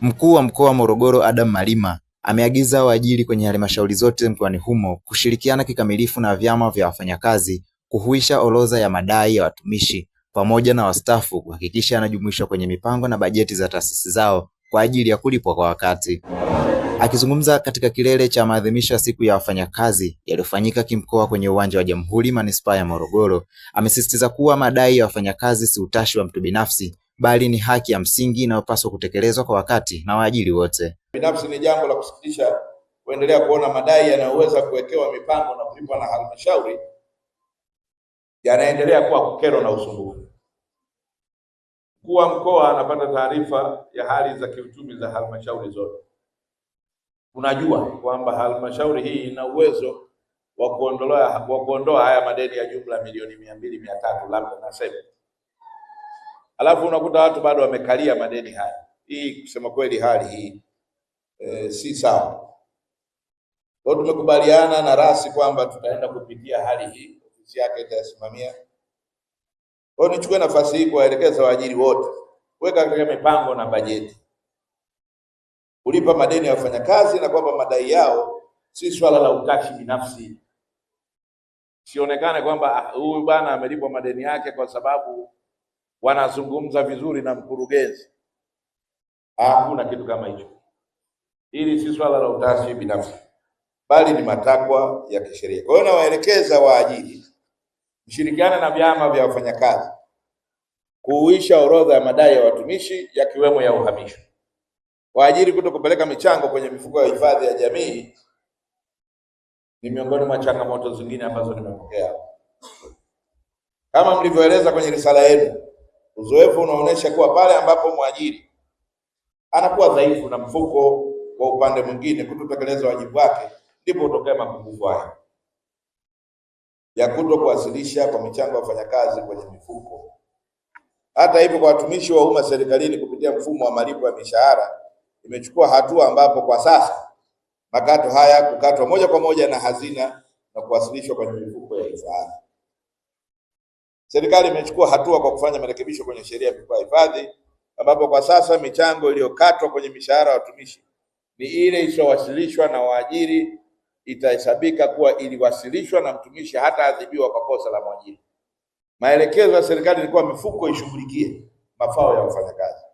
Mkuu wa Mkoa wa Morogoro Adam Malima ameagiza waajiri kwenye halmashauri zote mkoani humo kushirikiana kikamilifu na vyama vya wafanyakazi kuhuisha orodha ya madai ya watumishi pamoja na wastaafu kuhakikisha yanajumuishwa kwenye mipango na bajeti za taasisi zao kwa ajili ya kulipwa kwa wakati. Akizungumza katika kilele cha maadhimisho ya siku ya wafanyakazi yaliyofanyika kimkoa kwenye uwanja wa Jamhuri manispaa ya Morogoro, amesisitiza kuwa madai ya wafanyakazi si utashi wa mtu binafsi, bali ni haki ya msingi inayopaswa kutekelezwa kwa wakati na waajiri wote. Binafsi ni jambo la kusikitisha kuendelea kuona madai yanayoweza kuwekewa mipango na kulipwa na halmashauri yanaendelea kuwa kukero na usumbufu. Mkuu wa mkoa anapata taarifa ya hali za kiuchumi za halmashauri zote. Unajua kwamba halmashauri hii ina uwezo wa kuondoa haya madeni ya jumla milioni mia mbili mia tatu labda nasema alafu unakuta watu bado wamekalia madeni haya. Hii kusema kweli, hali hii e, si sawa. Kwa tumekubaliana na rasi kwamba tutaenda kupitia hali hii, ofisi yake itasimamia. Kwa nichukue nafasi hii kuwaelekeza waajiri wote, weka katika mipango na bajeti kulipa madeni ya wafanyakazi, na kwamba madai yao si swala la utashi binafsi. Sionekane kwamba ah, huyu bwana amelipwa madeni yake kwa sababu wanazungumza vizuri na mkurugenzi. Hakuna kitu kama hicho. Hili si swala la utashi binafsi, bali ni matakwa ya kisheria. Kwa hiyo nawaelekeza waajiri mshirikiana na vyama vya wafanyakazi kuuisha orodha ya madai ya watumishi yakiwemo ya uhamisho. Waajiri kuto kupeleka michango kwenye mifuko ya hifadhi ya jamii ni miongoni mwa changamoto zingine ambazo nimepokea, kama mlivyoeleza kwenye risala yenu. Uzoefu unaonyesha kuwa pale ambapo mwajiri anakuwa dhaifu na mfuko wa upande mwingine kutotekeleza wajibu wake, ndipo hutokea mapungufu haya ya kuto kuwasilisha kwa michango ya wafanyakazi kwenye mifuko. Hata hivyo, kwa watumishi wa umma serikalini kupitia mfumo wa malipo ya mishahara imechukua hatua ambapo kwa sasa makato haya kukatwa moja kwa moja na hazina na kuwasilishwa kwenye mifuko ya hifadhi. Serikali imechukua hatua kwa kufanya marekebisho kwenye sheria ya hifadhi, ambapo kwa sasa michango iliyokatwa kwenye mishahara ya watumishi ni ile isiyowasilishwa na waajiri, itahesabika kuwa iliwasilishwa na mtumishi, hata adhibiwa kwa kosa la mwajiri. Maelekezo ya serikali ilikuwa mifuko ishughulikie mafao ya wafanyakazi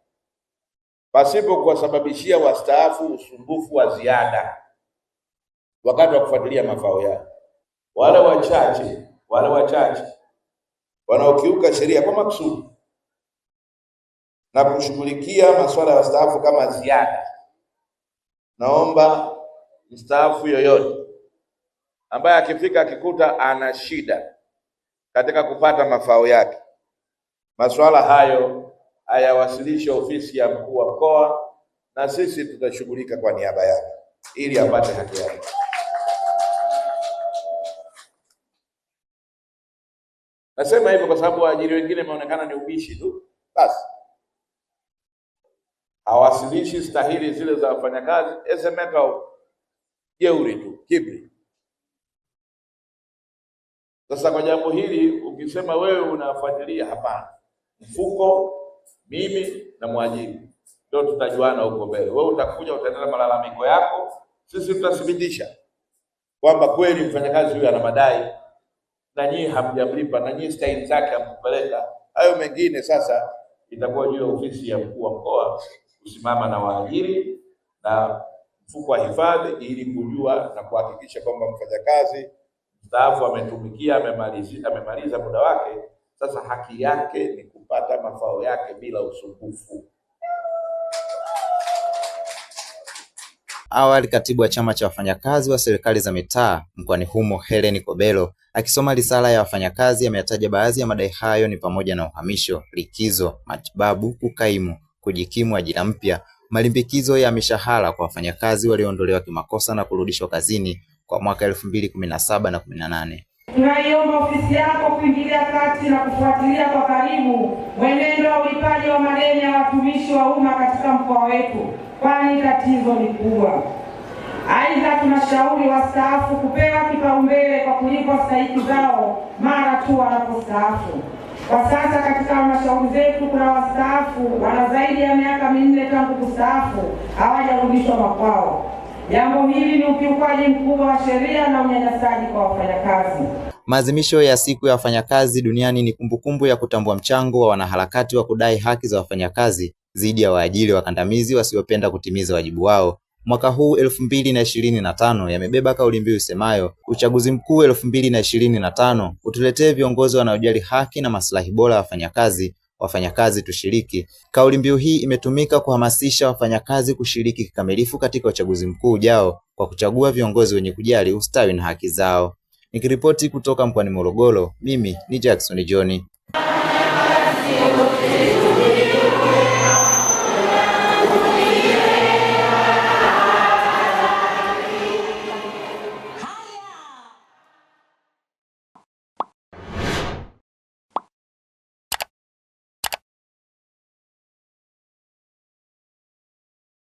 pasipo kuwasababishia wastaafu usumbufu wa ziada wakati wa kufuatilia mafao yao. Wale wachache wale wachache wanaokiuka sheria kwa makusudi na kushughulikia masuala ya wastaafu kama ziada. Naomba mstaafu yoyote ambaye akifika akikuta ana shida katika kupata mafao yake, masuala hayo ayawasilishe ofisi ya mkuu wa mkoa, na sisi tutashughulika kwa niaba yake ili apate haki yake. Nasema hivyo kwa sababu waajiri wengine imeonekana ni ubishi tu, basi hawasilishi stahili zile za wafanyakazi, esemeka jeuri tu, kibri. Sasa kwa jambo hili ukisema wewe unafuatilia, hapana, mfuko mimi na mwajiri ndio tutajuana huko mbele. Wewe utakuja utaendelea malalamiko yako, sisi tutathibitisha kwamba kweli mfanyakazi huyu ana madai na nyinyi hamjamlipa, na nyinyi stahili zake hamkupeleka. Hayo mengine sasa itakuwa juu ya ofisi ya mkuu wa mkoa kusimama na waajiri na mfuko wa hifadhi, ili kujua na kuhakikisha kwamba mfanyakazi mstaafu ametumikia, amemaliza amemaliza muda wake, sasa haki yake ni kupata mafao yake bila usumbufu. Awali katibu wa chama cha wafanyakazi wa serikali za mitaa mkoani humo Helen Kobelo akisoma risala ya wafanyakazi ameyataja baadhi ya madai hayo ni pamoja na uhamisho, likizo, matibabu, kukaimu, kujikimu ajira mpya, malimbikizo ya mishahara kwa wafanyakazi walioondolewa kimakosa na kurudishwa kazini kwa mwaka elfu mbili kumi na saba na kumi na nane. Tunaiomba ofisi yako kuingilia kati na kufuatilia kwa karibu mwenendo wa ulipaji wa madeni ya watumishi wa umma katika mkoa wetu, kwani tatizo ni kubwa. Aidha, tunashauri wastaafu kupewa kipaumbele kwa kulipwa stahiki zao mara tu wanapostaafu. Kwa sasa katika halmashauri zetu kuna wastaafu wana zaidi ya miaka minne tangu kustaafu hawajarudishwa makwao. Jambo hili ni ukiukaji mkubwa wa sheria na unyanyasaji kwa wafanyakazi. Maadhimisho ya siku ya wafanyakazi duniani ni kumbukumbu ya kutambua mchango wa wanaharakati wa kudai haki za wafanyakazi dhidi ya waajiri wakandamizi wasiopenda kutimiza wajibu wao. Mwaka huu elfu mbili na ishirini na tano yamebeba kauli mbiu isemayo uchaguzi mkuu elfu mbili na ishirini na tano utuletee viongozi wanaojali haki na maslahi bora ya wafanyakazi, wafanyakazi tushiriki. Kauli mbiu hii imetumika kuhamasisha wafanyakazi kushiriki kikamilifu katika uchaguzi mkuu ujao kwa kuchagua viongozi wenye kujali ustawi na haki zao. Nikiripoti kutoka mkoani Morogoro, mimi ni Jackson John.